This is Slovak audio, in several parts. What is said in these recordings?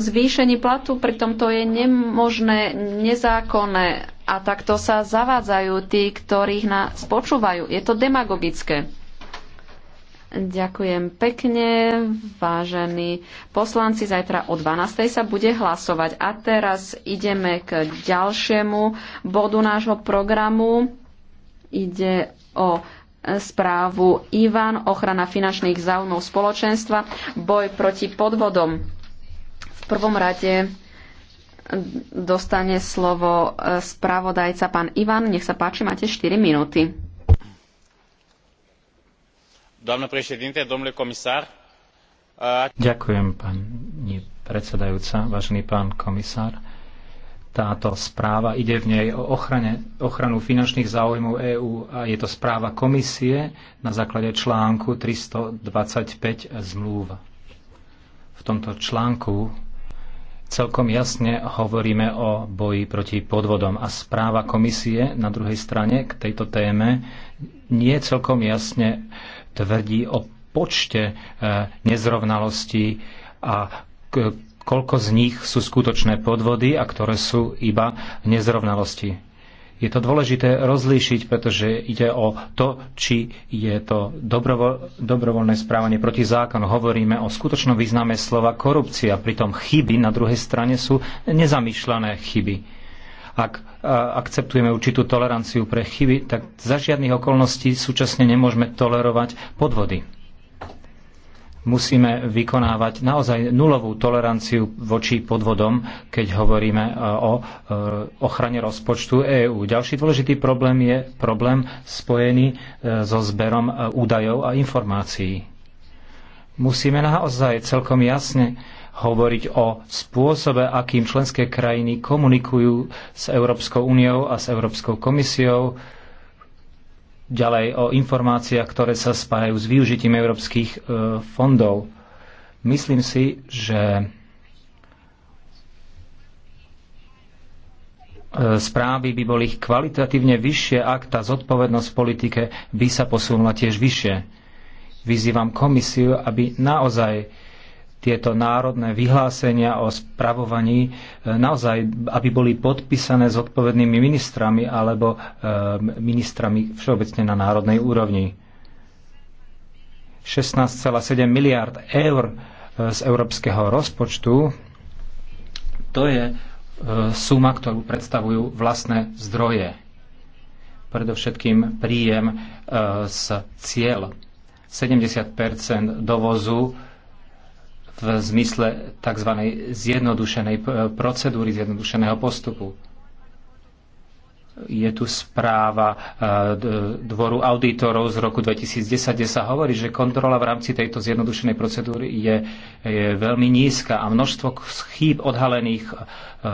zvýšení platu, pritom to je nemožné, nezákonné a takto sa zavádzajú tí, ktorých nás počúvajú. Je to demagogické. Ďakujem pekne, vážení poslanci. Zajtra o 12.00 sa bude hlasovať. A teraz ideme k ďalšiemu bodu nášho programu. Ide o správu Ivan, ochrana finančných záujmov spoločenstva, boj proti podvodom. V prvom rade dostane slovo e, spravodajca pán Ivan. Nech sa páči, máte 4 minúty. Ďakujem, pani predsedajúca, vážený pán komisár. Táto správa ide v nej o ochrane, ochranu finančných záujmov EÚ a je to správa komisie na základe článku 325 zmluva. V tomto článku celkom jasne hovoríme o boji proti podvodom. A správa komisie na druhej strane k tejto téme nie celkom jasne tvrdí o počte e, nezrovnalostí a koľko z nich sú skutočné podvody a ktoré sú iba nezrovnalosti je to dôležité rozlíšiť, pretože ide o to, či je to dobrovo- dobrovoľné správanie proti zákonu. Hovoríme o skutočnom význame slova korupcia, pritom chyby na druhej strane sú nezamýšľané chyby ak akceptujeme určitú toleranciu pre chyby, tak za žiadnych okolností súčasne nemôžeme tolerovať podvody musíme vykonávať naozaj nulovú toleranciu voči podvodom, keď hovoríme e, o e, ochrane rozpočtu EÚ. Ďalší dôležitý problém je problém spojený e, so zberom údajov a informácií. Musíme naozaj celkom jasne hovoriť o spôsobe, akým členské krajiny komunikujú s Európskou úniou a s Európskou komisiou, ďalej o informáciách, ktoré sa spájajú s využitím európskych e, fondov. Myslím si, že e, správy by boli kvalitatívne vyššie, ak tá zodpovednosť v politike by sa posunula tiež vyššie. Vyzývam komisiu, aby naozaj tieto národné vyhlásenia o spravovaní e, naozaj, aby boli podpísané s odpovednými ministrami alebo e, ministrami všeobecne na národnej úrovni. 16,7 miliard eur e, z európskeho rozpočtu to je suma, ktorú predstavujú vlastné zdroje. Predovšetkým príjem z cieľ. 70 dovozu v zmysle tzv. zjednodušenej procedúry, zjednodušeného postupu. Je tu správa e, Dvoru auditorov z roku 2010, kde sa hovorí, že kontrola v rámci tejto zjednodušenej procedúry je, je veľmi nízka a množstvo chýb odhalených e,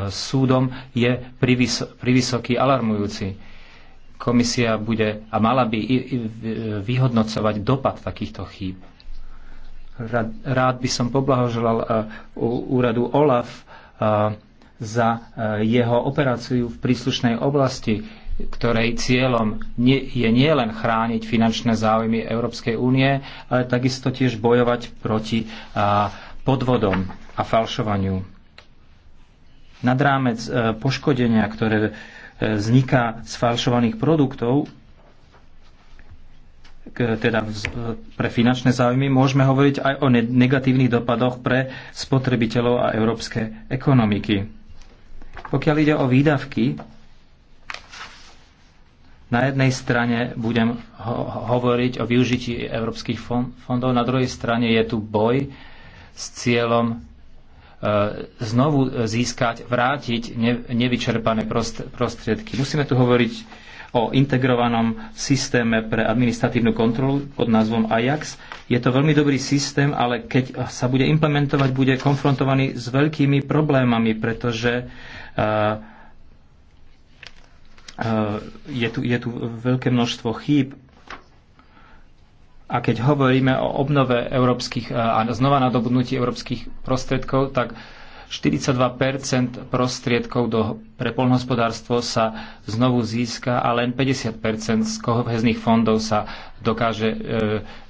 súdom je privys- privysoký alarmujúci. Komisia bude a mala by vyhodnocovať dopad takýchto chýb. Rád by som poblahoželal e, úradu OLAF e, za e, jeho operáciu v príslušnej oblasti, ktorej cieľom je nielen chrániť finančné záujmy Európskej únie, ale takisto tiež bojovať proti podvodom a falšovaniu. Nad rámec poškodenia, ktoré vzniká z falšovaných produktov, teda pre finančné záujmy, môžeme hovoriť aj o negatívnych dopadoch pre spotrebiteľov a európske ekonomiky. Pokiaľ ide o výdavky, na jednej strane budem ho- hovoriť o využití európskych fondov, na druhej strane je tu boj s cieľom e, znovu získať, vrátiť ne- nevyčerpané prost- prostriedky. Musíme tu hovoriť o integrovanom systéme pre administratívnu kontrolu pod názvom AJAX. Je to veľmi dobrý systém, ale keď sa bude implementovať, bude konfrontovaný s veľkými problémami, pretože eh, eh, je tu, je tu veľké množstvo chýb. A keď hovoríme o obnove európskych eh, a znova nadobudnutí európskych prostriedkov, tak uh, 42 prostriedkov do, pre polnohospodárstvo sa znovu získa a len 50 z kohezných fondov sa dokáže e,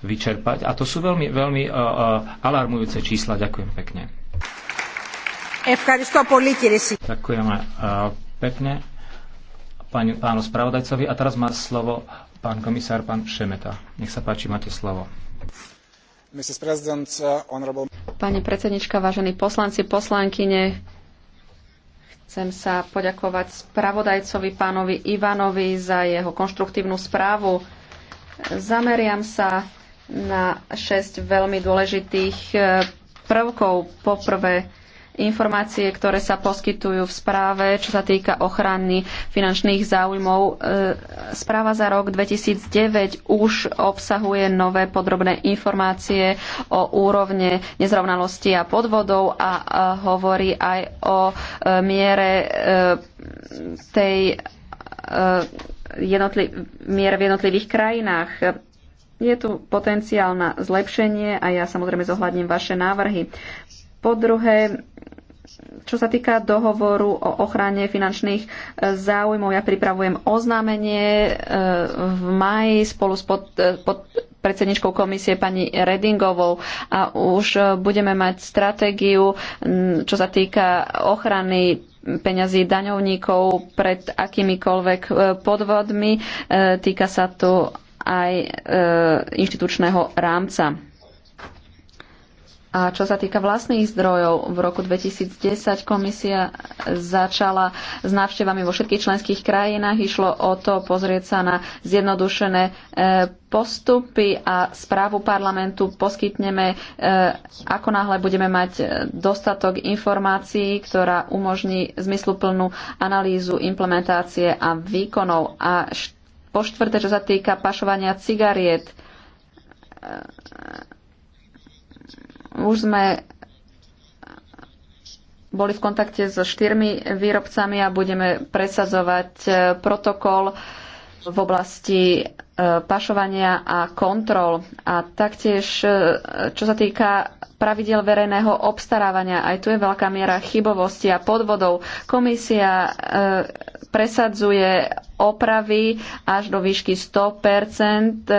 vyčerpať. A to sú veľmi, veľmi e, e alarmujúce čísla. Ďakujem pekne. Ďakujem e, pekne pán, pánu spravodajcovi. A teraz má slovo pán komisár, pán Šemeta. Nech sa páči, máte slovo. Mr. President, uh, honorable... Pani predsednička, vážení poslanci, poslankyne, chcem sa poďakovať spravodajcovi pánovi Ivanovi za jeho konštruktívnu správu. Zameriam sa na šesť veľmi dôležitých eh, prvkov. Poprvé, informácie, ktoré sa poskytujú v správe, čo sa týka ochrany finančných záujmov. E, správa za rok 2009 už obsahuje nové podrobné informácie o úrovne nezrovnalosti a podvodov a hovorí aj o e, miere e, tej jednotli- mier v jednotlivých krajinách. Je tu potenciál na zlepšenie a ja samozrejme zohľadním vaše návrhy. Po druhé, čo sa týka dohovoru o ochrane finančných e, záujmov, ja pripravujem oznámenie e, v maji spolu s pod, e, pod predsedničkou komisie pani Redingovou a už budeme mať stratégiu, čo sa týka ochrany peňazí daňovníkov pred akýmikoľvek podvodmi. Týka sa to aj inštitučného rámca. A čo sa týka vlastných zdrojov, v roku 2010 komisia začala s návštevami vo všetkých členských krajinách. Išlo o to pozrieť sa na zjednodušené e, postupy a správu parlamentu poskytneme, e, ako náhle budeme mať dostatok informácií, ktorá umožní zmysluplnú analýzu implementácie a výkonov. A po štvrté, čo sa týka pašovania cigariet, e, už sme boli v kontakte so štyrmi výrobcami a budeme presadzovať e, protokol v oblasti e, pašovania a kontrol. A taktiež, e, čo sa týka pravidel verejného obstarávania, aj tu je veľká miera chybovosti a podvodov. Komisia presadzuje opravy až do výšky 100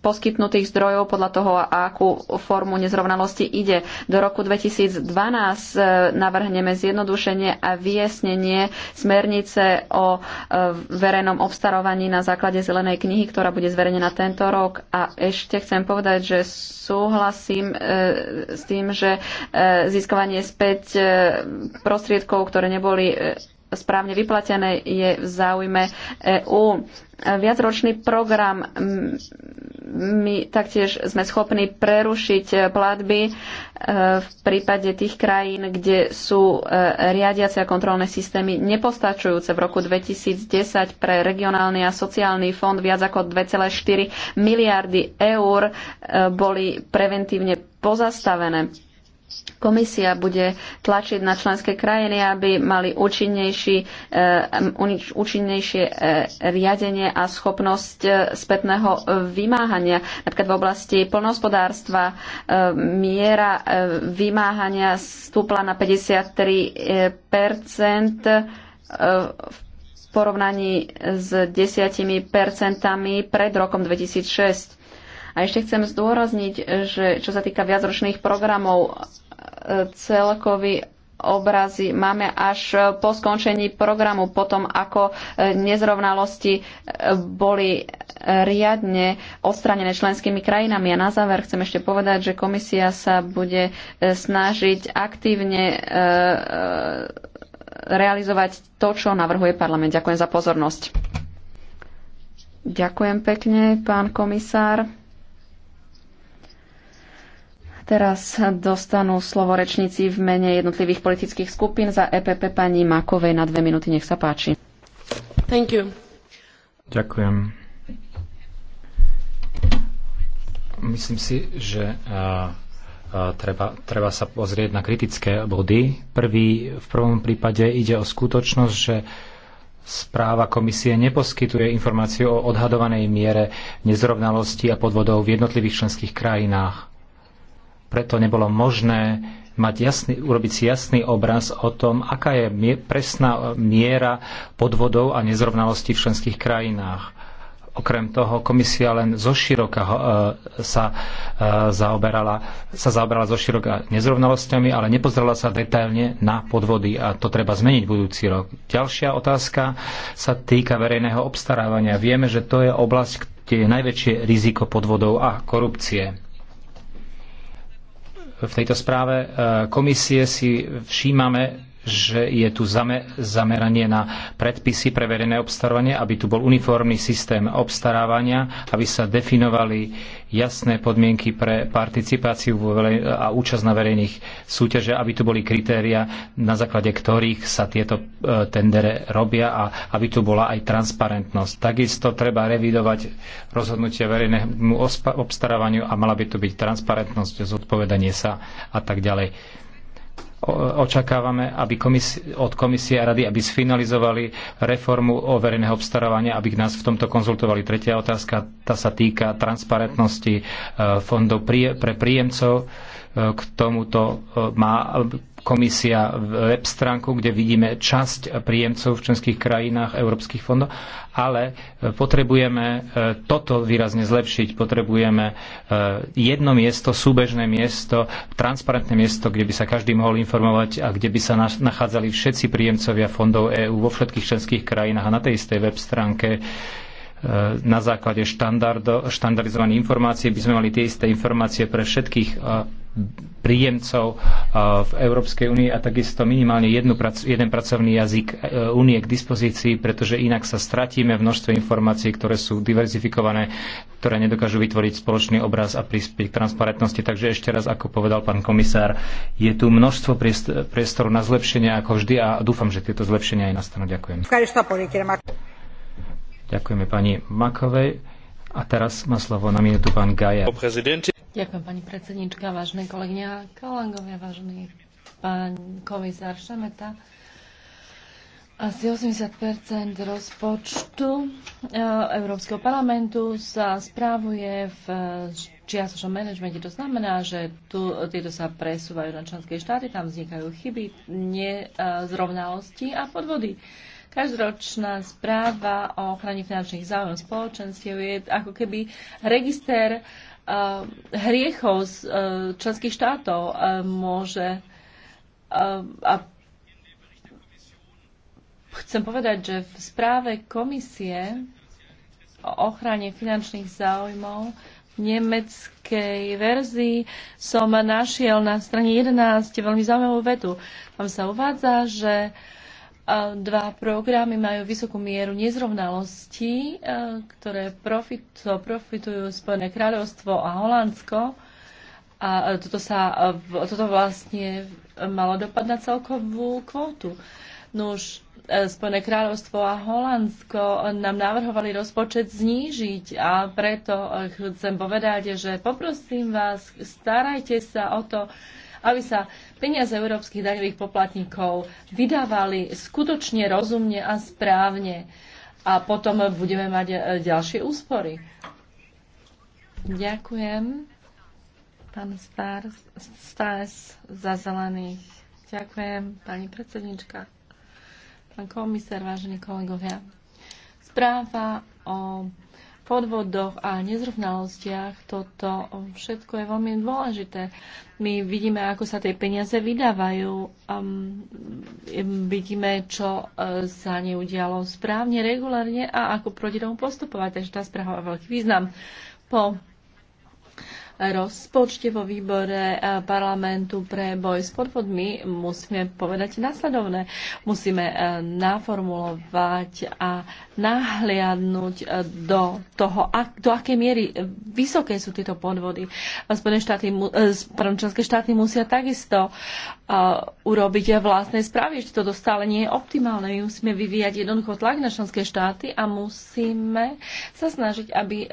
poskytnutých zdrojov podľa toho, akú formu nezrovnalosti ide. Do roku 2012 e, navrhneme zjednodušenie a vyjasnenie smernice o e, verejnom obstarovaní na základe zelenej knihy, ktorá bude zverejnená tento rok. A ešte chcem povedať, že súhlasím e, s tým, že získavanie späť prostriedkov, ktoré neboli správne vyplatené, je v záujme EÚ. Viacročný program my taktiež sme schopní prerušiť eh, platby eh, v prípade tých krajín, kde sú eh, riadiace a kontrolné systémy nepostačujúce. V roku 2010 pre regionálny a sociálny fond viac ako 2,4 miliardy eur boli preventívne pozastavené Komisia bude tlačiť na členské krajiny, aby mali účinnejší, eh, um, účinnejšie eh, riadenie a schopnosť eh, spätného vymáhania. Napríklad v oblasti plnohospodárstva miera vymáhania stúpla na 53 v porovnaní s 10 percentami pred rokom 2006. A ešte chcem zdôrazniť, že čo sa týka viacročných programov, celkový obrazy máme až po skončení programu, potom ako e, nezrovnalosti e, boli riadne odstranené členskými krajinami. A na záver chcem ešte povedať, že komisia sa bude e, snažiť aktívne realizovať to, čo navrhuje parlament. Ďakujem za pozornosť. Ďakujem pekne, pán komisár. Teraz dostanú slovo rečníci v mene jednotlivých politických skupín za EPP pani Makovej na dve minúty. Nech sa páči. Thank you. Ďakujem. Myslím si, že uh, uh, treba, treba sa pozrieť na kritické body. Prvý, v prvom prípade ide o skutočnosť, že správa komisie neposkytuje informáciu o odhadovanej miere nezrovnalosti a podvodov v jednotlivých členských krajinách preto nebolo možné mať jasný, urobiť si jasný obraz o tom, aká je presná miera podvodov a nezrovnalostí v členských krajinách. Okrem toho komisia len zo široka e, sa, e, zaoberala, sa zaoberala zo široka nezrovnalosťami, ale nepozrela sa detailne na podvody a to treba zmeniť budúci rok. Ďalšia otázka sa týka verejného obstarávania. Vieme, že to je oblasť, kde je najväčšie riziko podvodov a korupcie v tejto správe e, komisie si všímame že je tu zameranie na predpisy pre verejné obstarávanie, aby tu bol uniformný systém obstarávania, aby sa definovali jasné podmienky pre participáciu a účasť na verejných súťaže, aby tu boli kritéria, na základe ktorých sa tieto e, tendere robia a aby tu bola aj transparentnosť. Takisto treba revidovať rozhodnutie verejnému obstarávaniu a mala by tu byť transparentnosť, zodpovedanie sa a tak ďalej očakávame aby komis- od komisie a rady, aby sfinalizovali reformu o verejného obstarávania, aby nás v tomto konzultovali. Tretia otázka, tá sa týka transparentnosti e, fondov pre príjemcov. E, k tomuto e, má komisia web stránku, kde vidíme časť príjemcov v členských krajinách európskych fondov, ale e, potrebujeme e, toto výrazne zlepšiť. Potrebujeme e, jedno miesto, súbežné miesto, transparentné miesto, kde by sa každý mohol informovať a kde by sa nachádzali všetci príjemcovia fondov EÚ vo všetkých členských krajinách a na tej istej web stránke na základe štandardizovaných informácií by sme mali tie isté informácie pre všetkých príjemcov v Európskej únii a takisto minimálne jednu, jeden pracovný jazyk e, únie k dispozícii, pretože inak sa stratíme v množstve informácií, ktoré sú diverzifikované, ktoré nedokážu vytvoriť spoločný obraz a prispieť k transparentnosti. Takže ešte raz, ako povedal pán komisár, je tu množstvo priestoru na zlepšenia ako vždy a dúfam, že tieto zlepšenia aj nastanú. Ďakujem. Ďakujeme pani Makovej. A teraz má slovo na minútu pán Gaja. Ďakujem pani predsednička, vážne kolegyňa Kalangovia, vážený pán komisár Šemeta. Asi 80 rozpočtu e, Európskeho parlamentu sa správuje v čiastočnom manažmente. To znamená, že tu, tieto sa presúvajú na členské štáty, tam vznikajú chyby, nezrovnalosti a podvody. Každoročná správa o ochrane finančných záujmov spoločenstiev je ako keby register uh, hriechov z uh, členských štátov uh, môže a chcem povedať, že v správe komisie o ochrane finančných záujmov v nemeckej verzii som našiel na strane 11 veľmi zaujímavú vetu. Tam sa uvádza, že uh, Dva programy majú vysokú mieru nezrovnalostí, e, ktoré profit, profitujú Spojené kráľovstvo a Holandsko. A e, toto, sa, e, toto vlastne malo dopad na celkovú kvótu. No už Spojené kráľovstvo a Holandsko nám navrhovali rozpočet znížiť a preto chcem povedať, že poprosím vás, starajte sa o to, aby sa peniaze európskych daňových poplatníkov vydávali skutočne rozumne a správne. A potom budeme mať e, ďalšie úspory. Ďakujem. Pán Stars, za zelených. Ďakujem, pani predsednička. Pán komisár, vážení kolegovia. Správa o podvodoch a nezrovnalostiach, toto všetko je veľmi dôležité. My vidíme, ako sa tie peniaze vydávajú, um, vidíme, čo e, sa neudialo správne, regulárne a ako proti tomu postupovať. Takže tá správa má veľký význam. Po rozpočte vo výbore eh, parlamentu pre boj s podvodmi musíme povedať následovné. Musíme eh, naformulovať a nahliadnúť eh, do toho, do akej miery vysoké sú tieto podvody. Spojené štáty, členské štáty musia takisto urobiť vlastné správy, že toto stále nie je optimálne. My musíme vyvíjať jednoducho tlak na členské štáty a musíme sa snažiť, aby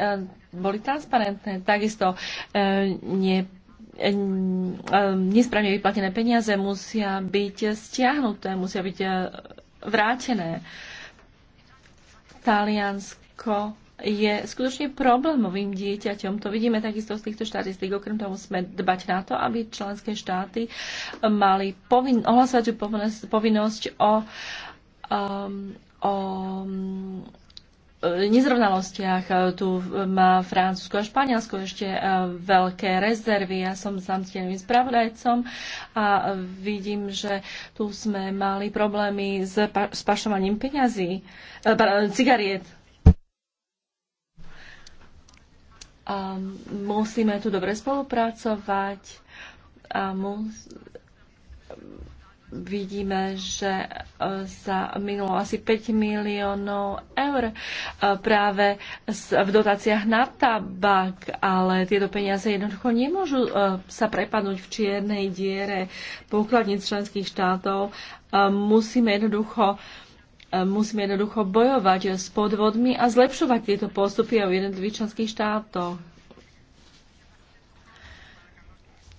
boli transparentné. Takisto ne e, e, nesprávne vyplatené peniaze musia byť stiahnuté, musia byť e, vrátené. Taliansko je skutočne problémovým dieťaťom. To vidíme takisto z týchto štatistík. Okrem toho musíme dbať na to, aby členské štáty mali povin- ohlasovať povinnosť o, um, o Eh, nezrovnalostiach. Eh, tu má Francúzsko a Španielsko ešte eh, veľké rezervy. Ja som sám stienovým spravodajcom a vidím, že tu sme mali problémy s, pa- s pašovaním peňazí, cigariet. A musíme tu dobre spolupracovať a mus- vidíme, že e, sa minulo asi 5 miliónov eur e, práve v dotáciách na tabak, ale tieto peniaze jednoducho nemôžu e, sa prepadnúť v čiernej diere pokladníc členských štátov. Musíme jednoducho musíme jednoducho bojovať s podvodmi a zlepšovať tieto postupy v jednotlivých členských štátoch.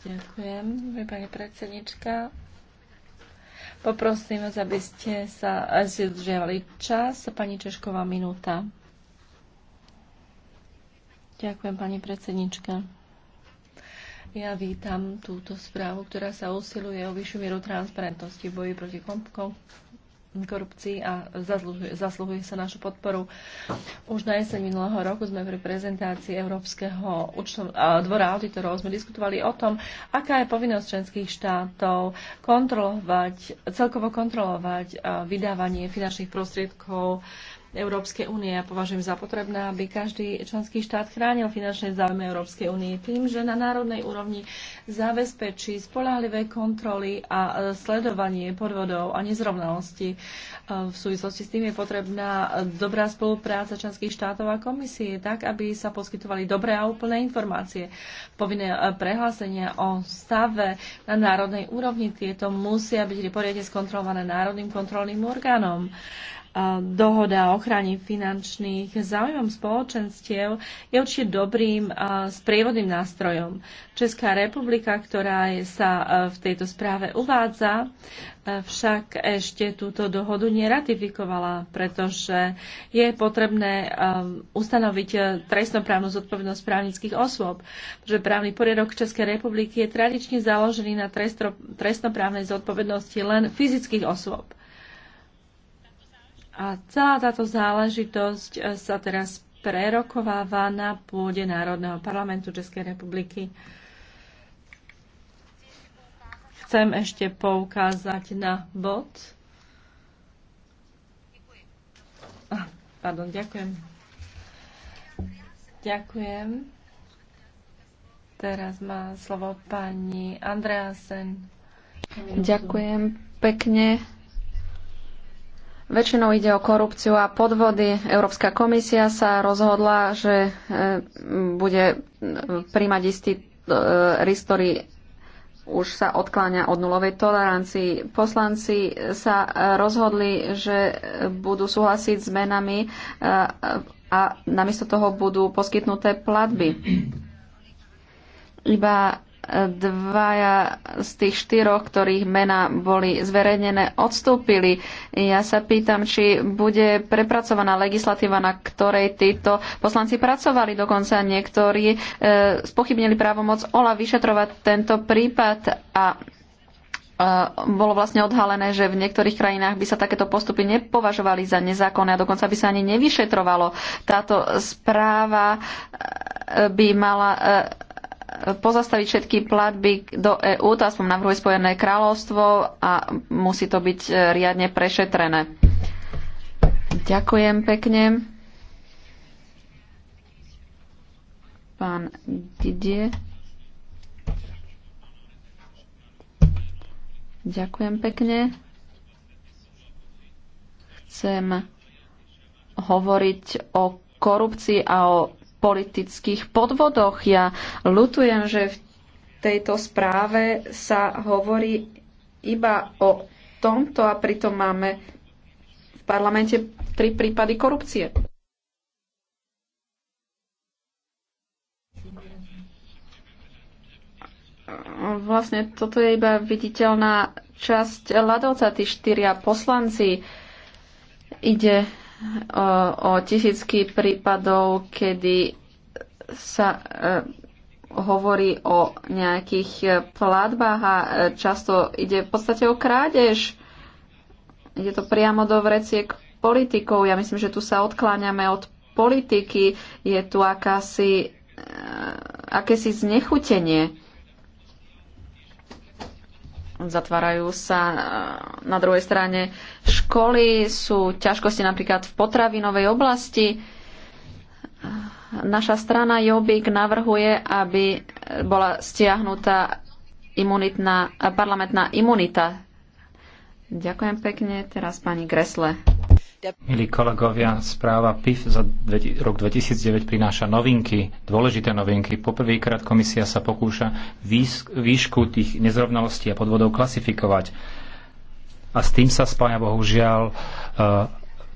Ďakujem, pani predsednička. Poprosím vás, aby ste sa zdržali čas. Pani Češková, minúta. Ďakujem, pani predsednička. Ja vítam túto správu, ktorá sa usiluje o vyššiu mieru transparentnosti v boji proti korupcii a zasluhuje, sa našu podporu. Už na jeseň minulého roku sme pri prezentácii Európskeho účtov, dvora auditorov sme diskutovali o tom, aká je povinnosť členských štátov kontrolovať, celkovo kontrolovať vydávanie finančných prostriedkov Európskej únie. Ja považujem za potrebné, aby každý členský štát chránil finančné záujmy Európskej únie tým, že na národnej úrovni zabezpečí spolahlivé kontroly a e, sledovanie podvodov a nezrovnalostí. E, v súvislosti s tým je potrebná dobrá spolupráca členských štátov a komisie, tak aby sa poskytovali dobré a úplné informácie. Povinné e, prehlásenia o stave na národnej úrovni tieto musia byť poriadne skontrolované národným kontrolným orgánom dohoda o ochrane finančných záujmom spoločenstiev je určite dobrým sprievodným nástrojom. Česká republika, ktorá sa v tejto správe uvádza, však ešte túto dohodu neratifikovala, pretože je potrebné ustanoviť trestnoprávnu zodpovednosť právnických osôb, že právny poriadok Českej republiky je tradične založený na trestnoprávnej zodpovednosti len fyzických osôb. A celá táto záležitosť eh, sa teraz prerokováva na pôde Národného parlamentu Českej republiky. Chcem ešte poukázať na bod. Pardon, ďakujem. Ďakujem. Teraz má slovo pani Andreasen. Ďakujem pekne. Väčšinou ide o korupciu a podvody. Európska komisia sa rozhodla, že e, bude e, príjmať istý e, risk, ktorý už sa odkláňa od nulovej tolerancii. Poslanci sa rozhodli, že budú súhlasiť s menami a namiesto toho budú poskytnuté platby. Iba dvaja z tých štyroch, ktorých mená boli zverejnené, odstúpili. Ja sa pýtam, či bude prepracovaná legislatíva, na ktorej títo poslanci pracovali. Dokonca niektorí e, spochybnili právomoc OLA vyšetrovať tento prípad a e, bolo vlastne odhalené, že v niektorých krajinách by sa takéto postupy nepovažovali za nezákonné a dokonca by sa ani nevyšetrovalo. Táto správa e, by mala pozastaviť všetky platby do EÚ, to aspoň navrhuje Spojené kráľovstvo a musí to byť e, riadne prešetrené. Ďakujem pekne. Pán Didie. Ďakujem pekne. Chcem hovoriť o korupcii a o politických podvodoch. Ja lutujem, že v tejto správe sa hovorí iba o tomto a pritom máme v parlamente tri prípady korupcie. Vlastne toto je iba viditeľná časť ľadovca, tí štyria poslanci. Ide o, o tisícky prípadov, kedy sa e, hovorí o nejakých e, platbách a e, často ide v podstate o krádež. Ide to priamo do vreciek politikov. Ja myslím, že tu sa odkláňame od politiky. Je tu akási, e, akési znechutenie zatvárajú sa e, na druhej strane školy, sú ťažkosti napríklad v potravinovej oblasti. E, naša strana Jobik navrhuje, aby bola stiahnutá imunitná, parlamentná imunita. Ďakujem pekne. Teraz pani Gresle. Milí kolegovia, správa PIF za rok 2009 prináša novinky, dôležité novinky. Poprvýkrát komisia sa pokúša výšku tých nezrovnalostí a podvodov klasifikovať. A s tým sa spája bohužiaľ e,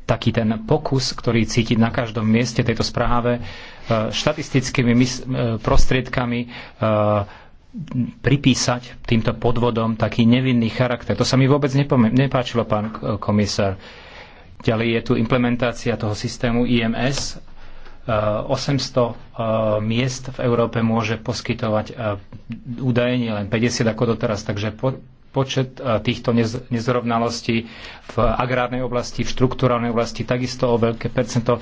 taký ten pokus, ktorý cítiť na každom mieste tejto správe, e, štatistickými e, prostriedkami pripísať týmto podvodom taký nevinný charakter. To sa mi vôbec nepáčilo, pán komisár Ďalej je tu implementácia toho systému IMS. E, 800 e, miest v Európe môže poskytovať e, údaje, nie len 50 ako doteraz, takže po, počet týchto nezrovnalostí v agrárnej oblasti, v štruktúralnej oblasti takisto o veľké percento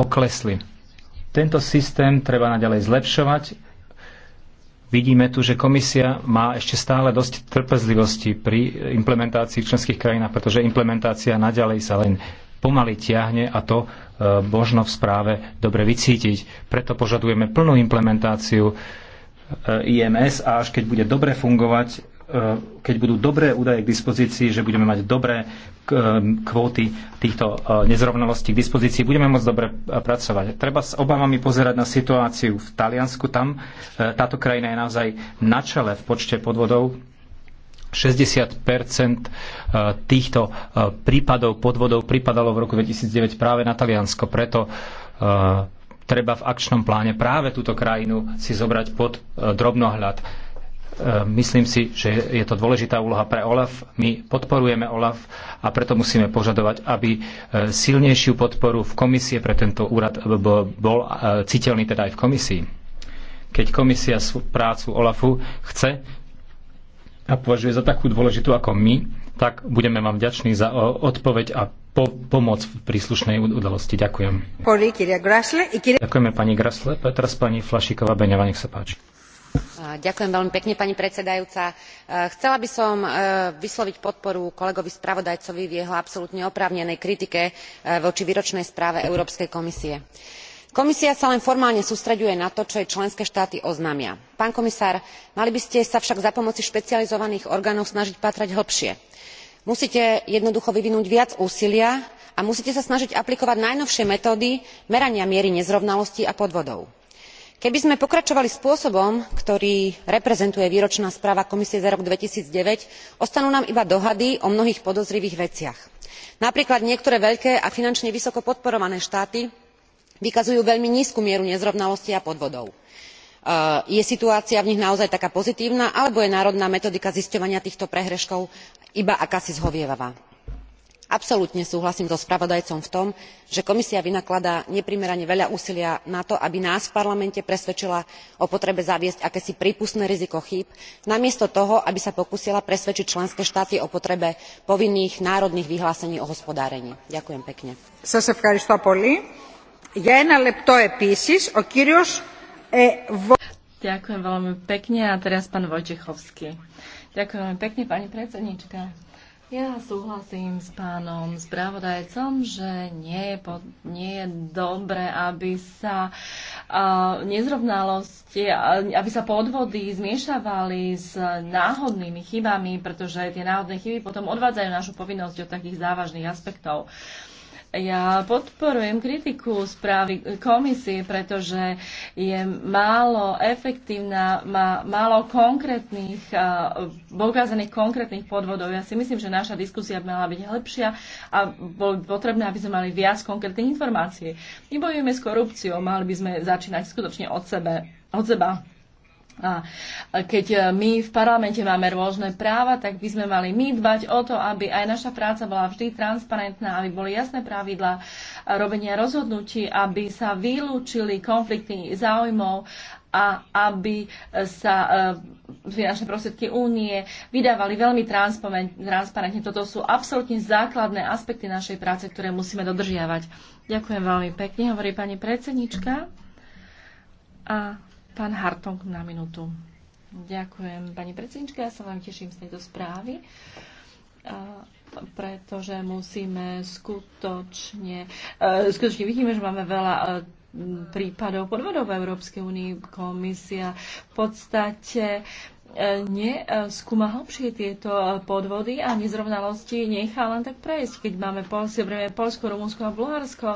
poklesli. Tento systém treba naďalej zlepšovať, Vidíme tu, že komisia má ešte stále dosť trpezlivosti pri implementácii v členských krajinách, pretože implementácia naďalej sa len pomaly tiahne a to e, možno v správe dobre vycítiť. Preto požadujeme plnú implementáciu e, IMS a až keď bude dobre fungovať, E, keď budú dobré údaje k dispozícii, že budeme mať dobré e, kvóty týchto e, nezrovnalostí k dispozícii, budeme môcť dobre pracovať. Treba s obavami pozerať na situáciu v Taliansku. Tam táto krajina je naozaj na čele v počte podvodov. 60 týchto prípadov podvodov pripadalo v roku 2009 práve na Taliansko. Preto treba v akčnom pláne práve túto krajinu si zobrať pod drobnohľad Ehm, myslím si, že je to dôležitá úloha pre OLAF. My podporujeme OLAF a preto musíme požadovať, aby e, silnejšiu podporu v komisie pre tento úrad e, bol e, citeľný teda aj v komisii. Keď komisia prácu OLAFu chce a považuje za takú dôležitú ako my, tak budeme vám vďační za odpoveď a po, pomoc v príslušnej udalosti. Ďakujem. Ďakujeme pani Grasle. Teraz pani Flašíková Beňová, nech sa páči chcela by som e, vysloviť podporu kolegovi spravodajcovi v jeho absolútne oprávnenej kritike e, voči výročnej správe európskej komisie. komisia sa len formálne sústreďuje na to čo jej členské štáty oznámia. pán komisár mali by ste sa však za pomoci špecializovaných orgánov snažiť pátrať hlbšie. musíte jednoducho vyvinúť viac úsilia a musíte sa snažiť aplikovať najnovšie metódy merania miery nezrovnalostí a podvodov keby sme pokračovali spôsobom ktorý reprezentuje výročná správa komisie za rok two thousand and nine ostanú nám iba dohady o mnohých podozrivých veciach. napríklad niektoré veľké a finančne vysoko podporované štáty vykazujú veľmi nízku mieru nezrovnalostí a podvodov. E, je situácia v nich naozaj taká pozitívna alebo je národná metodika zisťovania týchto prehreškov iba akási zhovievavá? absolútne súhlasím so spravodajcom v tom že komisia vynakladá neprimerane veľa úsilia na to aby nás v parlamente presvedčila o potrebe zaviesť akési prípustné riziko chýb namiesto toho aby sa pokúsila presvedčiť členské štáty o potrebe povinných národných vyhlásení o hospodárení. ďakujem pekne. Ďakujem veľmi pekne a teraz pán Ďakujem pekne, pani ja súhlasím s pánom spravodajcom, že nie je, po, nie je dobre, aby sa uh, nezrovnalosti, aby sa podvody zmiešavali s náhodnými chybami, pretože tie náhodné chyby potom odvádzajú našu povinnosť od takých závažných aspektov. Uh, ja podporujem kritiku správy komisie, pretože je málo efektívna, má málo konkrétnych, pokázaných konkrétnych podvodov. Ja si myslím, že naša diskusia by mala byť lepšia a bolo potrebné, aby sme mali viac konkrétnych informácií. bojujeme s korupciou, mali by sme začínať skutočne od, sebe, od seba a keď e, my v parlamente máme rôzne práva, tak by sme mali my dbať o to, aby aj naša práca bola vždy transparentná, aby boli jasné pravidlá robenia rozhodnutí, aby sa vylúčili konflikty záujmov a aby e, sa e, finančné prostriedky únie vydávali veľmi transparentne. Toto sú absolútne základné aspekty našej práce, ktoré musíme dodržiavať. Ďakujem veľmi pekne, hovorí pani predsednička. A Pán Hartong na minútu. Ďakujem, pani predsednička. Ja sa vám teším z tejto správy pretože musíme skutočne, skutočne vidíme, že máme veľa prípadov podvodov v Európskej únii. Komisia v podstate E, neskúma hlbšie tieto podvody a nezrovnalosti nechá len tak prejsť. Keď máme Polsko, Polsko, Rumunsko a Bulharsko,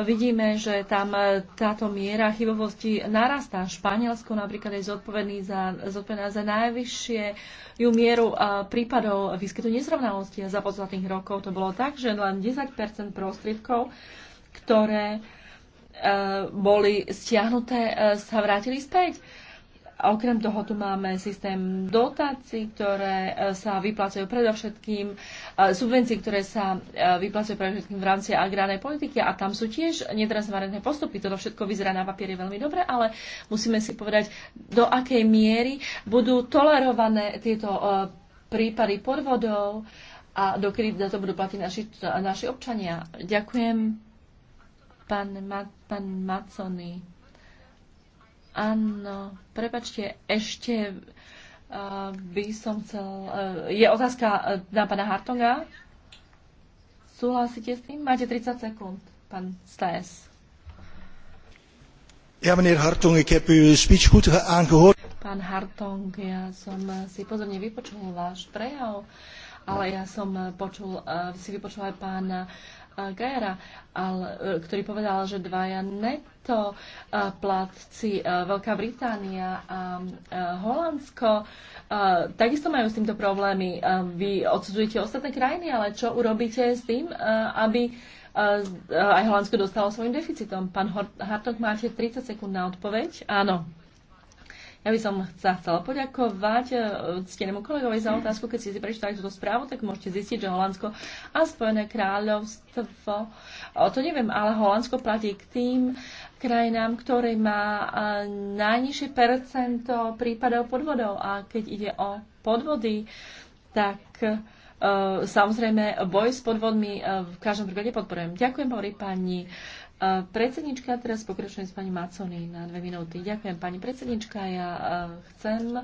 vidíme, že tam e, táto miera chybovosti narastá. Španielsko napríklad je zodpovedný za, zodpovedná za najvyššie ju mieru e, prípadov výskytu nezrovnalosti a za posledných rokov to bolo tak, že len 10 prostriedkov, ktoré boli stiahnuté, sa vrátili späť Okrem toho tu máme systém dotácií, ktoré e, sa vyplácajú predovšetkým, e, subvencií, ktoré sa e, vyplácajú predovšetkým v rámci agrárnej politiky a tam sú tiež netransparentné postupy. Toto všetko vyzerá na papieri veľmi dobre, ale musíme si povedať, do akej miery budú tolerované tieto prípady podvodov a dokedy za to budú platiť naši, naši občania. Ďakujem, pán, Ma, pán Macony. Áno, prepačte, ešte uh, by som chcel... Uh, je otázka uh, na pána Hartonga? Súhlasíte s tým? Máte 30 sekúnd, pán Staes. Ja, meneer Hartong, ik heb uw speech goed aangehoord. Pán Hartong, ja som si pozorne vypočul váš prejav, ale ja som počul, uh, si vypočul aj pána uh, Gajera, ale, ktorý povedal, že dvaja neto e, platci e, Veľká Británia a e, Holandsko takisto majú s týmto problémy. Vy odsudzujete ostatné krajiny, ale čo urobíte s tým, aby aj Holandsko dostalo svojim deficitom? Pán Hartog, máte 30 sekúnd na odpoveď. Áno. Ja by som sa chcela poďakovať e, ctenému kolegovi za otázku. Keď si si prečítali túto správu, tak môžete zistiť, že Holandsko a Spojené kráľovstvo, o to neviem, ale Holandsko platí k tým krajinám, ktoré má e, najnižšie percento prípadov podvodov. A keď ide o podvody, tak e, samozrejme boj s podvodmi v každom prípade podporujem. Ďakujem, hovorí pani Predsednička, teraz pokračujem s pani Macony na dve minúty. Ďakujem, pani predsednička. Ja e, chcem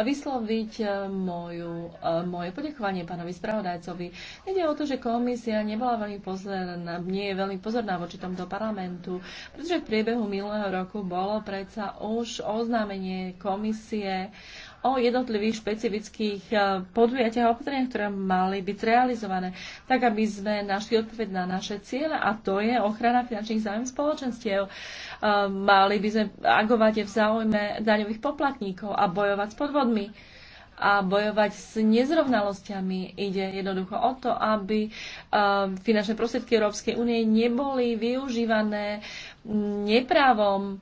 vysloviť e, moju, e, moje poďakovanie pánovi spravodajcovi. Ide o to, že komisia nebola veľmi pozorná, nie je veľmi pozorná voči tomto parlamentu, pretože v priebehu minulého roku bolo predsa už oznámenie komisie o jednotlivých špecifických eh, podujatiach a opatreniach, ktoré mali byť realizované, tak aby sme našli odpoveď na naše ciele a to je ochrana finančných záujm spoločenstiev. Eh, mali by sme agovať v záujme daňových poplatníkov a bojovať s podvodmi a bojovať s nezrovnalosťami. Ide jednoducho o to, aby eh, finančné prostriedky Európskej únie neboli využívané neprávom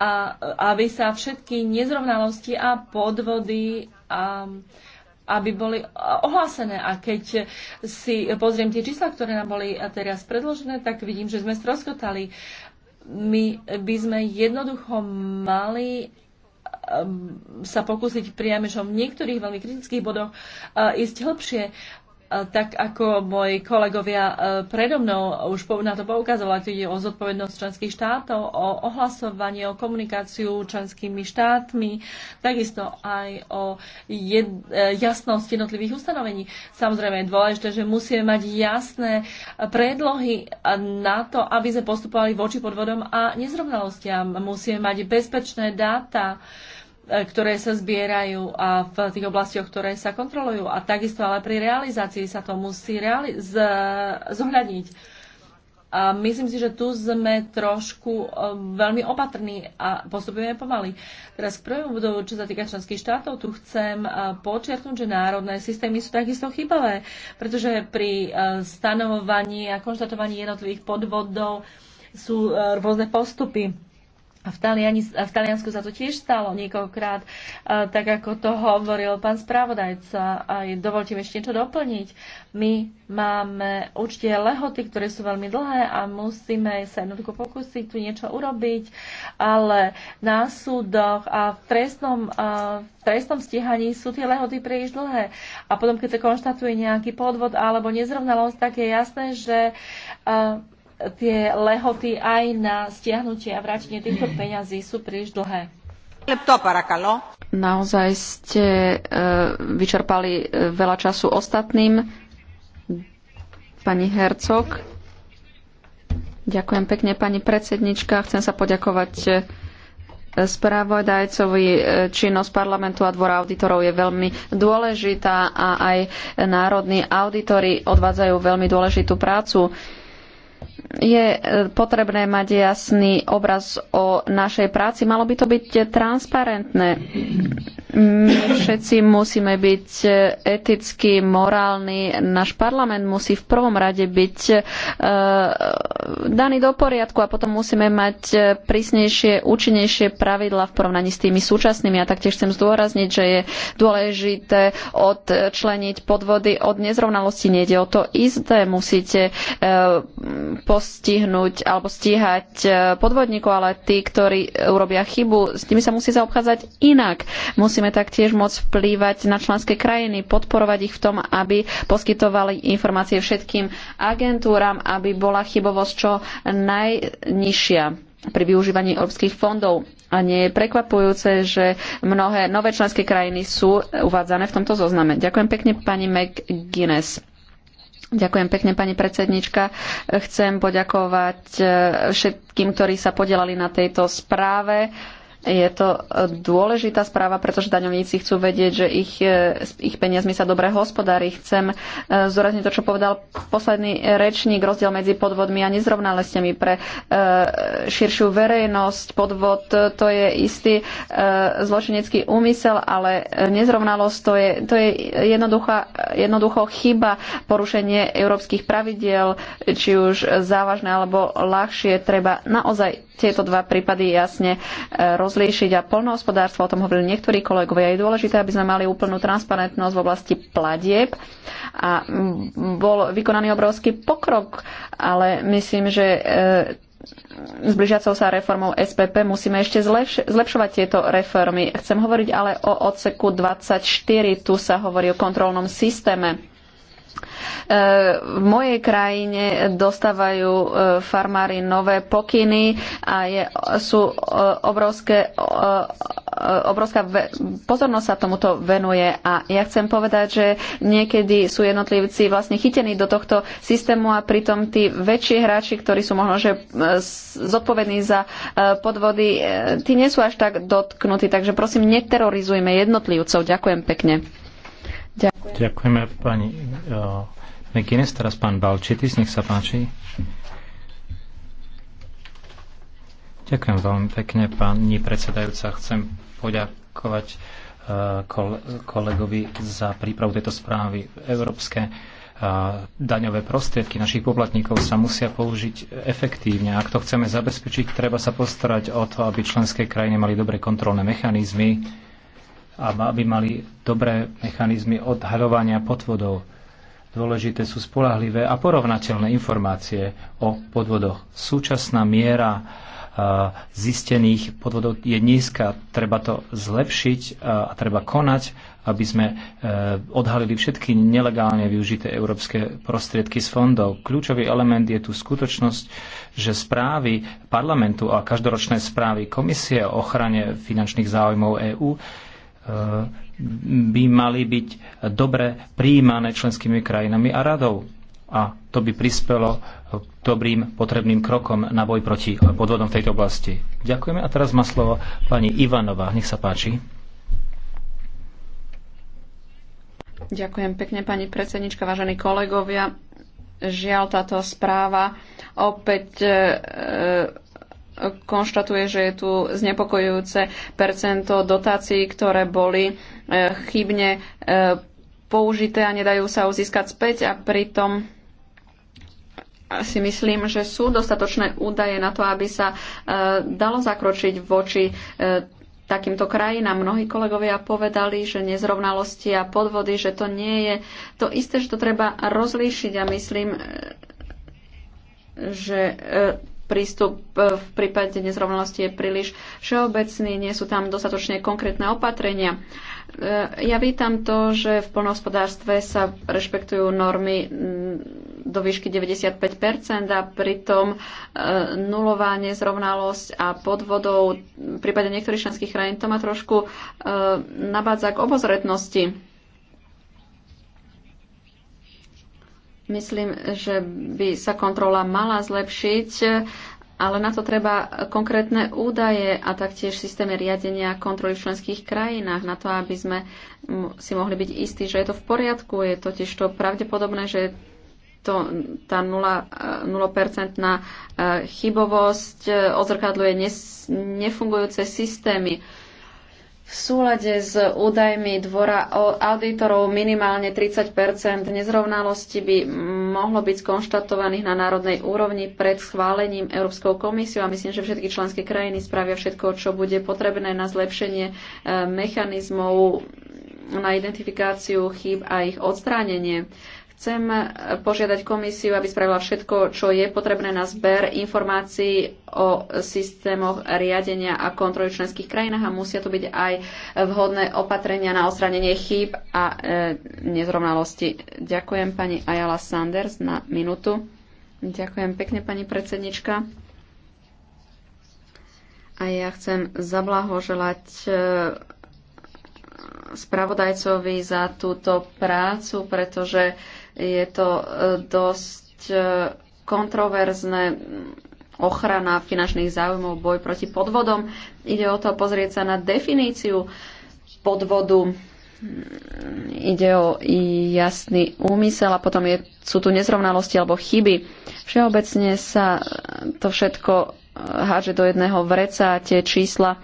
a aby sa všetky nezrovnalosti a podvody a aby boli ohlásené. A keď si pozriem tie čísla, ktoré nám boli teraz predložené, tak vidím, že sme stroskotali. My by sme jednoducho mali um, sa pokúsiť priamežom v niektorých veľmi kritických bodoch uh, ísť hĺbšie. E, tak ako moji kolegovia e, predo mnou už na to poukazovali, tu ide o zodpovednosť členských štátov, o ohlasovanie, o komunikáciu členskými štátmi, takisto aj o jed, e, jasnosť jednotlivých ustanovení. Samozrejme je dôležité, že musíme mať jasné predlohy na to, aby sme postupovali voči podvodom a nezrovnalostiam. Musíme mať bezpečné dáta, E, ktoré sa zbierajú a v tých oblastiach, ktoré sa kontrolujú. A takisto ale pri realizácii sa to musí reali- z- zohľadniť. A myslím si, že tu sme trošku e, veľmi opatrní a postupujeme pomaly. Teraz k prvému budovu, čo sa týka členských štátov, tu chcem e, počiarknúť, že národné systémy sú takisto chybavé, pretože pri stanovovaní a konštatovaní jednotlivých podvodov sú rôzne postupy a v, Taliani, v Taliansku sa to tiež stalo niekoľkokrát, e, tak ako to hovoril pán spravodajca. Aj dovolte mi ešte niečo doplniť. My máme určite lehoty, ktoré sú veľmi dlhé a musíme sa jednoducho pokúsiť tu niečo urobiť, ale na súdoch a v trestnom, a e, v trestnom stíhaní sú tie lehoty príliš dlhé. A potom, keď sa konštatuje nejaký podvod alebo nezrovnalosť, tak je jasné, že e, tie lehoty aj na stiahnutie a vrátenie týchto peňazí sú príliš dlhé. Naozaj ste e, vyčerpali e, veľa času ostatným. Pani Hercog. Ďakujem pekne, pani predsednička. Chcem sa poďakovať e, správodajcovi činnosť parlamentu a dvora auditorov je veľmi dôležitá a aj národní auditory odvádzajú veľmi dôležitú prácu je e, potrebné mať jasný obraz o našej práci. Malo by to byť transparentné. My všetci musíme byť eticky, morálni. Náš parlament musí v prvom rade byť e, daný do poriadku a potom musíme mať prísnejšie, účinnejšie pravidla v porovnaní s tými súčasnými. A ja taktiež chcem zdôrazniť, že je dôležité odčleniť podvody od nezrovnalosti. Nejde o to isté. Musíte po e, postihnúť alebo stíhať e, podvodníkov, ale tí, ktorí e, urobia chybu, s nimi sa musí zaobchádzať inak. Musíme taktiež môcť vplývať na členské krajiny, podporovať ich v tom, aby poskytovali informácie všetkým agentúram, aby bola chybovosť čo najnižšia pri využívaní európskych fondov. A nie je prekvapujúce, že mnohé nové členské krajiny sú uvádzané v tomto zozname. Ďakujem pekne pani McGuinness. Ďakujem pekne, pani predsednička. Chcem poďakovať eh, všetkým, ktorí sa podielali na tejto správe. Je to dôležitá správa, pretože daňovníci chcú vedieť, že ich, e, ich peniazmi sa dobre hospodári. Chcem e, zúrazniť to, čo povedal posledný rečník, rozdiel medzi podvodmi a nezrovnalostiami pre e, širšiu verejnosť. Podvod to je istý zločinecký úmysel, ale nezrovnalosť to je, to je jednoducho chyba, porušenie európskych pravidiel, či už závažné alebo ľahšie. Treba naozaj tieto dva prípady jasne rozhodnúť rozlíšiť. A polnohospodárstvo, o tom hovorili niektorí kolegovia, je dôležité, aby sme mali úplnú transparentnosť v oblasti platieb. A bol vykonaný obrovský pokrok, ale myslím, že s e, blížiacou sa reformou SPP musíme ešte zlepš- zlepšovať tieto reformy. Chcem hovoriť ale o odseku 24. Tu sa hovorí o kontrolnom systéme v mojej krajine dostávajú e, farmári nové pokyny a je, sú e, obrovské, e, obrovská pozornosť sa tomuto venuje a ja chcem povedať, že niekedy sú jednotlivci vlastne chytení do tohto systému a pritom tí väčší hráči, ktorí sú možno že zodpovední za podvody, tí nie sú až tak dotknutí, takže prosím, neterorizujme jednotlivcov. Ďakujem pekne. Ďakujem. Ďakujeme pani uh, McGuinness, teraz pán Balčitis, nech sa páči. Ďakujem veľmi pekne, pani predsedajúca. Chcem poďakovať uh, kolegovi za prípravu tejto správy. Európske a e, daňové prostriedky našich poplatníkov sa musia použiť efektívne. Ak to chceme zabezpečiť, treba sa postarať o to, aby členské krajiny mali dobre kontrolné mechanizmy, a aby mali dobré mechanizmy odhaľovania podvodov. Dôležité sú spolahlivé a porovnateľné informácie o podvodoch. Súčasná miera zistených podvodov je nízka. Treba to zlepšiť a treba konať, aby sme e, odhalili všetky nelegálne využité európske prostriedky z fondov. Kľúčový element je tu skutočnosť, že správy parlamentu a každoročné správy komisie o ochrane finančných záujmov EÚ by mali byť dobre prijímané členskými krajinami a radou. A to by prispelo k dobrým potrebným krokom na boj proti podvodom v tejto oblasti. Ďakujeme a teraz má slovo pani Ivanová. Nech sa páči. Ďakujem pekne, pani predsednička, vážení kolegovia. Žiaľ, táto správa opäť e, konštatuje, že je tu znepokojujúce percento dotácií, ktoré boli e, chybne e, použité a nedajú sa uzískať späť a pritom si myslím, že sú dostatočné údaje na to, aby sa e, dalo zakročiť voči takýmto krajinám. Mnohí kolegovia povedali, že nezrovnalosti a podvody, že to nie je to isté, že to treba rozlíšiť a myslím, že prístup e, v prípade nezrovnalosti je príliš všeobecný, nie sú tam dostatočne konkrétne opatrenia. E, ja vítam to, že v polnohospodárstve sa rešpektujú normy do výšky 95% a pritom e, nulová nezrovnalosť a podvodov v prípade niektorých členských krajín to ma trošku nabádza k obozretnosti Myslím, že by sa kontrola mala zlepšiť, ale na to treba konkrétne údaje a taktiež systémy riadenia a kontroly v členských krajinách na to, aby sme si mohli byť istí, že je to v poriadku. Je totiž to pravdepodobné, že to, tá 0%, 0 e, e, chybovosť e, odzrkadluje nefungujúce systémy v súlade s údajmi dvora auditorov minimálne 30 nezrovnalosti by mohlo byť skonštatovaných na národnej úrovni pred schválením Európskou komisiu a myslím, že všetky členské krajiny spravia všetko, čo bude potrebné na zlepšenie e, mechanizmov na identifikáciu chýb a ich odstránenie. Chcem požiadať komisiu, aby spravila všetko, čo je potrebné na zber informácií o systémoch riadenia a kontroly v členských krajinách a musia to byť aj vhodné opatrenia na odstránenie chýb a e, nezrovnalosti. Ďakujem pani Ayala Sanders na minútu. Ďakujem pekne pani predsednička. A ja chcem zablahoželať e, spravodajcovi za túto prácu, pretože je to e, dosť e, kontroverzné ochrana finančných záujmov, boj proti podvodom. Ide o to pozrieť sa na definíciu podvodu. Ide o jasný úmysel a potom je, sú tu nezrovnalosti alebo chyby. Všeobecne sa to všetko e, háže do jedného vreca a tie čísla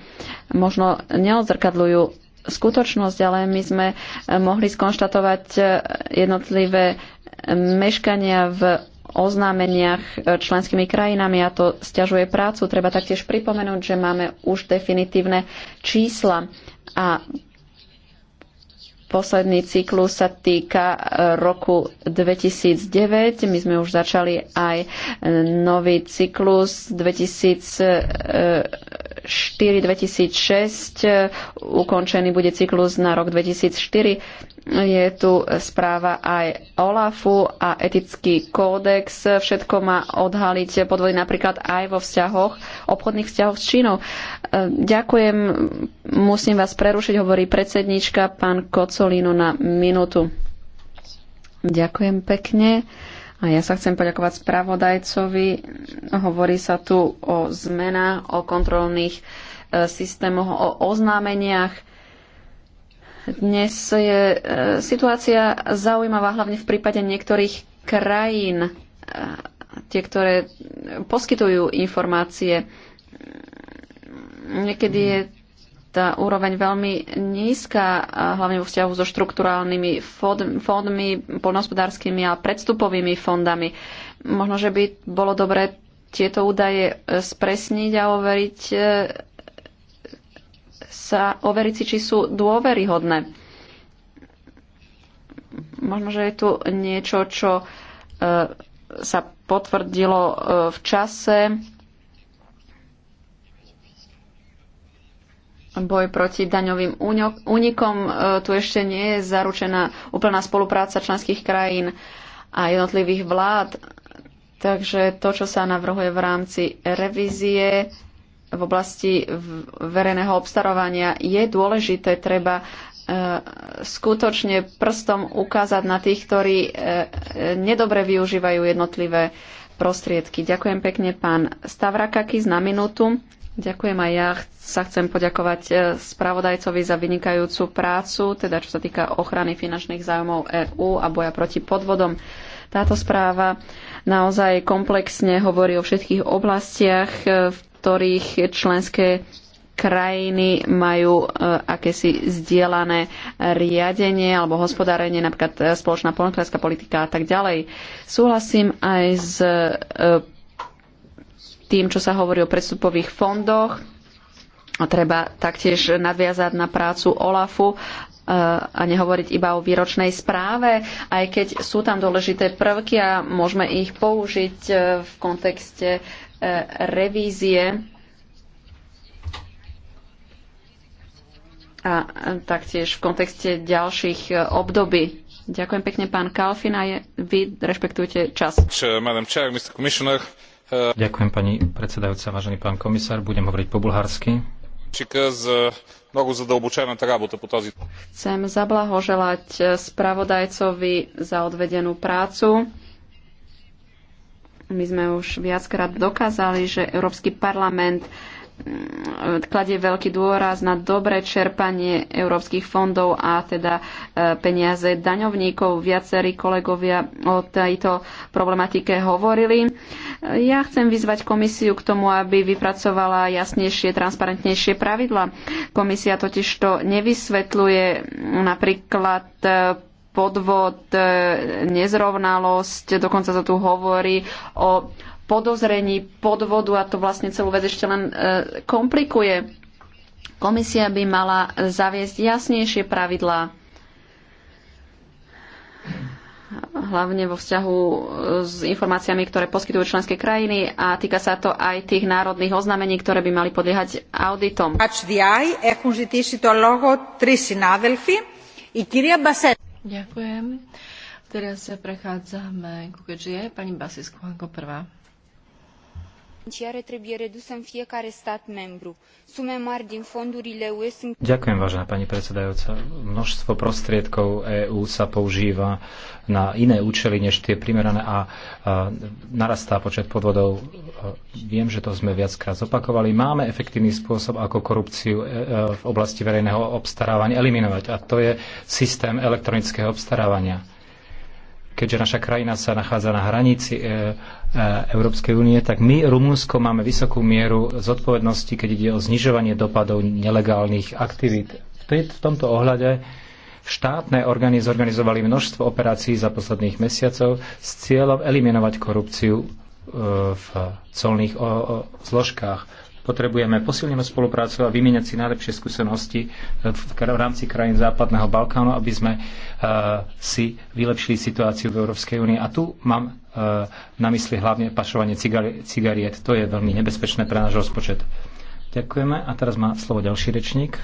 možno neodzrkadľujú skutočnosť, ale my sme eh, mohli skonštatovať eh, jednotlivé meškania v oznámeniach eh, členskými krajinami a to stiažuje prácu. Treba taktiež pripomenúť, že máme už definitívne čísla a Posledný cyklus sa týka e, roku 2009. My sme už začali aj e, nový cyklus 2004-2006. E, ukončený bude cyklus na rok 2004 je tu správa aj OLAFu a etický kódex. Všetko má odhaliť podvody napríklad aj vo vzťahoch, obchodných vzťahoch s Čínou. E, ďakujem, musím vás prerušiť, hovorí predsednička pán Kocolino na minútu. Ďakujem pekne. A ja sa chcem poďakovať spravodajcovi. Hovorí sa tu o zmenách, o kontrolných e, systémoch, o oznámeniach dnes je e, situácia zaujímavá hlavne v prípade niektorých krajín, e, tie, ktoré poskytujú informácie. Niekedy je tá úroveň veľmi nízka, e, hlavne vo vzťahu so štrukturálnymi fondmi, poľnohospodárskymi a predstupovými fondami. Možno, že by bolo dobré tieto údaje spresniť a overiť sa overiť si, či sú dôveryhodné. Možno, že je tu niečo, čo e, sa potvrdilo e, v čase. Boj proti daňovým únikom. E, tu ešte nie je zaručená úplná spolupráca členských krajín a jednotlivých vlád. Takže to, čo sa navrhuje v rámci revízie, v oblasti verejného obstarovania je dôležité, treba e, skutočne prstom ukázať na tých, ktorí e, nedobre využívajú jednotlivé prostriedky. Ďakujem pekne pán Stavrakakis na minútu. Ďakujem aj ja. Sa chcem poďakovať e, spravodajcovi za vynikajúcu prácu, teda čo sa týka ochrany finančných zájmov EÚ a boja proti podvodom. Táto správa naozaj komplexne hovorí o všetkých oblastiach, v ktorých členské krajiny majú e, akési zdielané riadenie alebo hospodárenie, napríklad e, spoločná polnospodárska politika a tak ďalej. Súhlasím aj s e, tým, čo sa hovorí o predstupových fondoch. Treba taktiež nadviazať na prácu OLAFu a nehovoriť iba o výročnej správe, aj keď sú tam dôležité prvky a môžeme ich použiť v kontexte revízie a taktiež v kontexte ďalších období. Ďakujem pekne, pán Kalfin, a vy rešpektujte čas. Uh, Ďakujem, pani predsedajúca, vážený pán komisár. Budem hovoriť po bulharsky. Uh, Chcem zablahoželať uh, spravodajcovi za odvedenú prácu. My sme už viackrát dokázali, že Európsky parlament mm, kladie veľký dôraz na dobré čerpanie európskych fondov a teda e, peniaze daňovníkov. Viacerí kolegovia o tejto problematike hovorili. Ja chcem vyzvať komisiu k tomu, aby vypracovala jasnejšie, transparentnejšie pravidla. Komisia totiž to nevysvetľuje napríklad e, podvod, e, nezrovnalosť, dokonca sa tu hovorí o podozrení podvodu a to vlastne celú vec ešte len e, komplikuje. Komisia by mala zaviesť jasnejšie pravidlá, hlavne vo vzťahu e, s informáciami, ktoré poskytujú členské krajiny a týka sa to aj tých národných oznamení, ktoré by mali podliehať auditom. Ďakujem. Teraz sa prechádzame ku keďže pani Basisku ako prvá financiare trebuie redusă în fiecare stat membru. Sume mari din fondurile UE sunt... Ďakujem, vážená pani predsedajúca. Množstvo prostriedkov EÚ sa používa na iné účely, než tie primerané a, a narastá počet podvodov. Viem, že to sme viackrát zopakovali. Máme efektívny spôsob, ako korupciu e, e, v oblasti verejného obstarávania eliminovať a to je systém elektronického obstarávania keďže naša krajina sa nachádza na hranici e, e, Európskej únie, tak my, Rumúnsko, máme vysokú mieru zodpovednosti, keď ide o znižovanie dopadov nelegálnych aktivít. V, tomto ohľade štátne orgány zorganizovali množstvo operácií za posledných mesiacov s cieľom eliminovať korupciu e, v colných zložkách. Potrebujeme posilnenú spoluprácu a vymieňať si najlepšie skúsenosti eh, v rámci krajín Západného Balkánu, aby sme eh, si vylepšili situáciu v Európskej únii. A tu mám eh, na mysli hlavne pašovanie cigariet. To je veľmi nebezpečné pre náš rozpočet. Ďakujeme. A teraz má slovo ďalší rečník,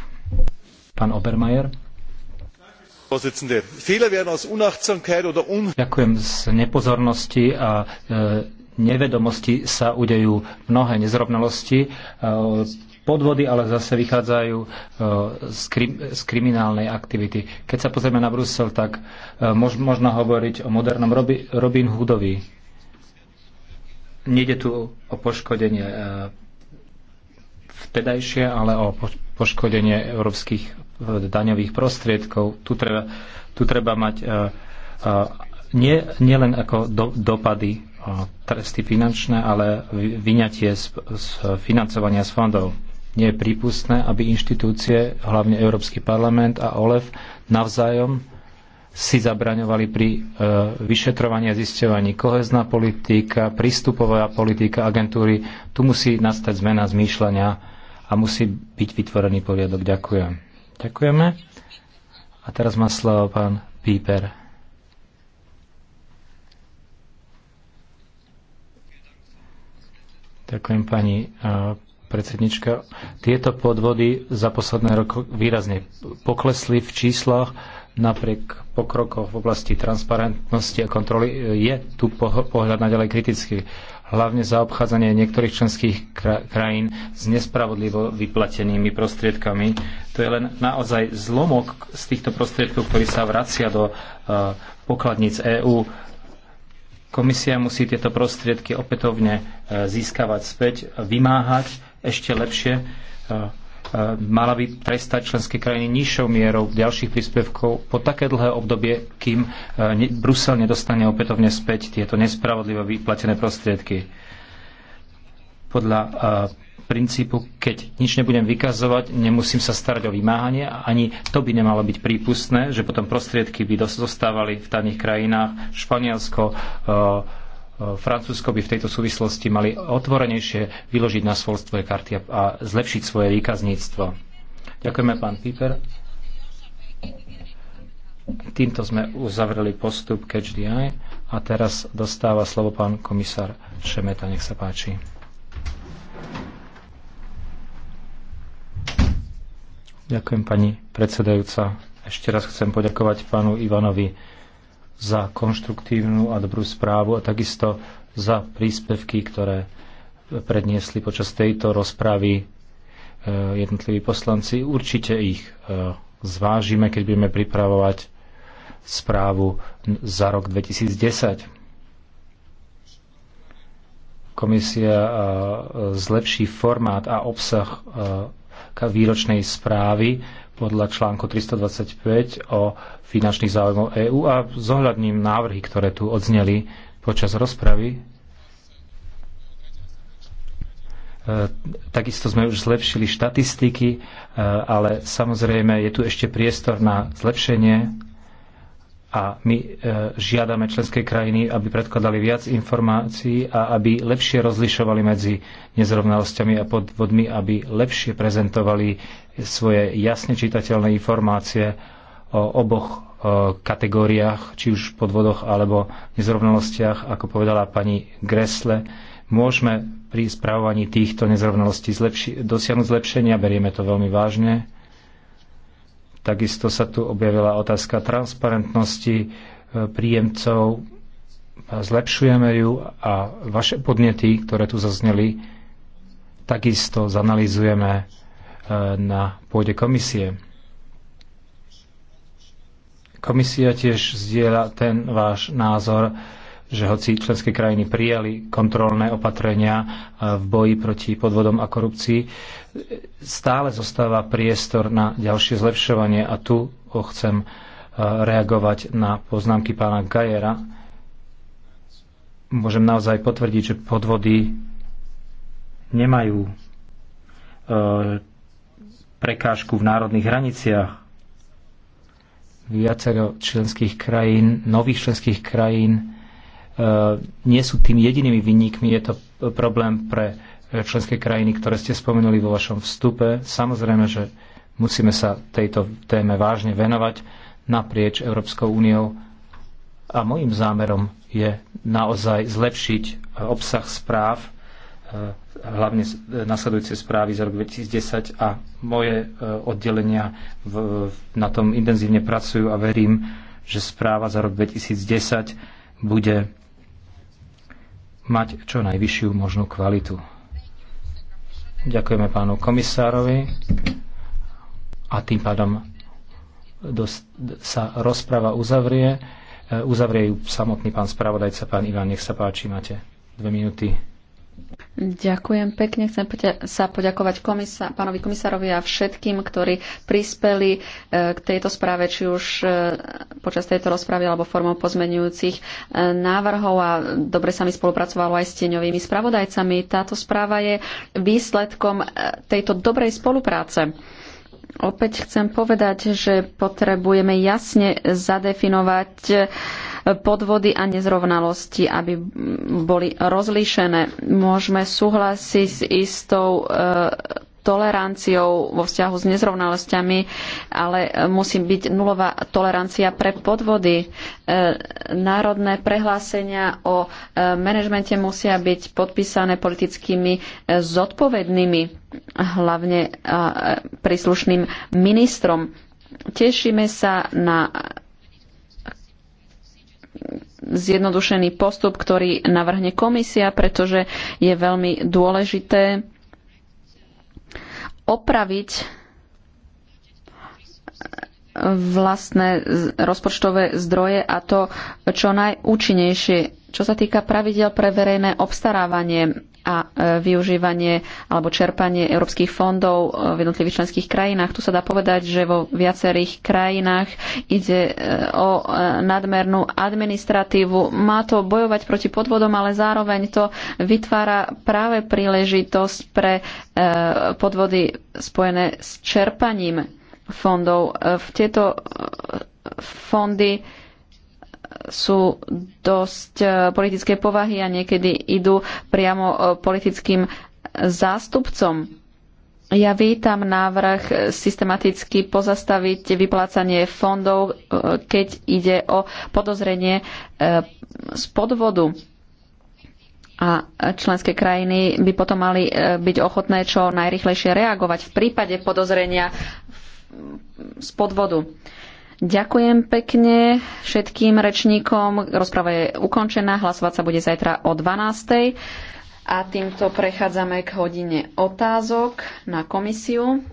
pán Obermajer. Ďakujem z nepozornosti a e, nevedomosti sa udejú mnohé nezrovnalosti, e, podvody ale zase vychádzajú e, z, krim, z kriminálnej aktivity. Keď sa pozrieme na Brusel, tak e, mož, možno hovoriť o modernom Robi, Robin Hoodovi. Nede tu o poškodenie vtedajšie, ale o poškodenie európskych daňových prostriedkov. Tu treba, tu treba mať nie, ako do, dopady tresty finančné, ale vyňatie z, z financovania z fondov. Nie je prípustné, aby inštitúcie, hlavne Európsky parlament a OLEF, navzájom si zabraňovali pri e, vyšetrovaní a zisťovaní. Kohezná politika, prístupová politika agentúry, tu musí nastať zmena zmýšľania a musí byť vytvorený poriadok. Ďakujem. Ďakujeme. A teraz má slovo pán Píper. Ďakujem pani predsednička. Tieto podvody za posledné roky výrazne poklesli v číslach. Napriek pokrokoch v oblasti transparentnosti a kontroly e, je tu pohľad naďalej kritický. Hlavne zaobchádzanie niektorých členských krajín s nespravodlivo vyplatenými prostriedkami. To je len naozaj zlomok z týchto prostriedkov, ktorý sa vracia do e, pokladníc EÚ Komisia musí tieto prostriedky opätovne e, získavať späť, vymáhať ešte lepšie. E, e, mala by trestať členské krajiny nižšou mierou ďalších príspevkov po také dlhé obdobie, kým Brusel nedostane opätovne späť tieto nespravodlivo vyplatené prostriedky. Podľa princípu, keď nič nebudem vykazovať, nemusím sa starať o vymáhanie a ani to by nemalo byť prípustné, že potom prostriedky by zostávali v daných krajinách. Španielsko, e, e, Francúzsko by v tejto súvislosti mali otvorenejšie vyložiť na svoj svoje karty a zlepšiť svoje výkazníctvo. Ďakujeme, pán Piper. Týmto sme uzavreli postup CatchDI a teraz dostáva slovo pán komisár Šemeta. Nech sa páči. Ďakujem pani predsedajúca. Ešte raz chcem poďakovať pánu Ivanovi za konštruktívnu a dobrú správu a takisto za príspevky, ktoré predniesli počas tejto rozpravy e, jednotliví poslanci. Určite ich e, zvážime, keď budeme pripravovať správu za rok 2010. Komisia e, zlepší formát a obsah výročnej správy podľa článku 325 o finančných záujmoch EÚ a zohľadním návrhy, ktoré tu odzneli počas rozpravy. E, takisto sme už zlepšili štatistiky, e, ale samozrejme je tu ešte priestor na zlepšenie a my e, žiadame členské krajiny, aby predkladali viac informácií a aby lepšie rozlišovali medzi nezrovnalosťami a podvodmi, aby lepšie prezentovali svoje jasne čitateľné informácie o oboch e, kategóriách, či už podvodoch alebo nezrovnalostiach, ako povedala pani Gresle. Môžeme pri spravovaní týchto nezrovnalostí zlepši- dosiahnuť zlepšenia, berieme to veľmi vážne Takisto sa tu objavila otázka transparentnosti e, príjemcov. Zlepšujeme ju a vaše podnety, ktoré tu zazneli, takisto zanalizujeme e, na pôde komisie. Komisia tiež zdieľa ten váš názor, že hoci členské krajiny prijali kontrolné opatrenia e, v boji proti podvodom a korupcii, e, stále zostáva priestor na ďalšie zlepšovanie a tu chcem e, reagovať na poznámky pána Gajera. Môžem naozaj potvrdiť, že podvody nemajú prekážku v národných hraniciach viacero členských krajín, nových členských krajín E, nie sú tým jedinými vinníkmi. Je to problém pre e, členské krajiny, ktoré ste spomenuli vo vašom vstupe. Samozrejme, že musíme sa tejto téme vážne venovať naprieč Európskou úniou a môjim zámerom je naozaj zlepšiť e, obsah správ, hlavne nasledujúce správy za rok 2010 a moje oddelenia v, na tom intenzívne pracujú a verím, že správa za rok 2010 bude mať čo najvyššiu možnú kvalitu. Ďakujeme pánu komisárovi a tým pádom sa rozprava uzavrie. E, uzavrie ju samotný pán spravodajca, pán Ivan, nech sa páči, máte dve minúty. Ďakujem pekne. Chcem sa poďakovať komisa- pánovi komisárovi a všetkým, ktorí prispeli e, k tejto správe, či už e, počas tejto rozpravy alebo formou pozmenujúcich e, návrhov a dobre sa mi spolupracovalo aj s tieňovými spravodajcami. Táto správa je výsledkom tejto dobrej spolupráce. Opäť chcem povedať, že potrebujeme jasne zadefinovať eh, podvody a nezrovnalosti, aby boli rozlíšené. Môžeme súhlasiť s istou eh, toleranciou vo vzťahu s nezrovnalosťami, ale musí byť nulová tolerancia pre podvody. E, národné prehlásenia o e, manažmente musia byť podpísané politickými e, zodpovednými, hlavne príslušným ministrom. Tešíme sa na zjednodušený postup, ktorý navrhne komisia, pretože je veľmi dôležité opraviť eh, vlastné rozpočtové zdroje a to čo najúčinnejšie. Čo sa týka pravidel pre verejné obstarávanie, a e, využívanie alebo čerpanie európskych fondov e, v jednotlivých členských krajinách. Tu sa dá povedať, že vo viacerých krajinách ide e, o nadmernú administratívu. Má to bojovať proti podvodom, ale zároveň to vytvára práve príležitosť pre podvody spojené s čerpaním fondov. V tieto fondy sú dosť e, politické povahy a niekedy idú priamo e, politickým zástupcom. Ja vítam návrh e, systematicky pozastaviť vyplácanie fondov, keď ide o podozrenie z podvodu. A členské krajiny by potom mali byť ochotné čo najrychlejšie reagovať v prípade podozrenia z podvodu. Ďakujem pekne všetkým rečníkom. Rozprava je ukončená. Hlasovať sa bude zajtra o 12. A týmto prechádzame k hodine otázok na komisiu.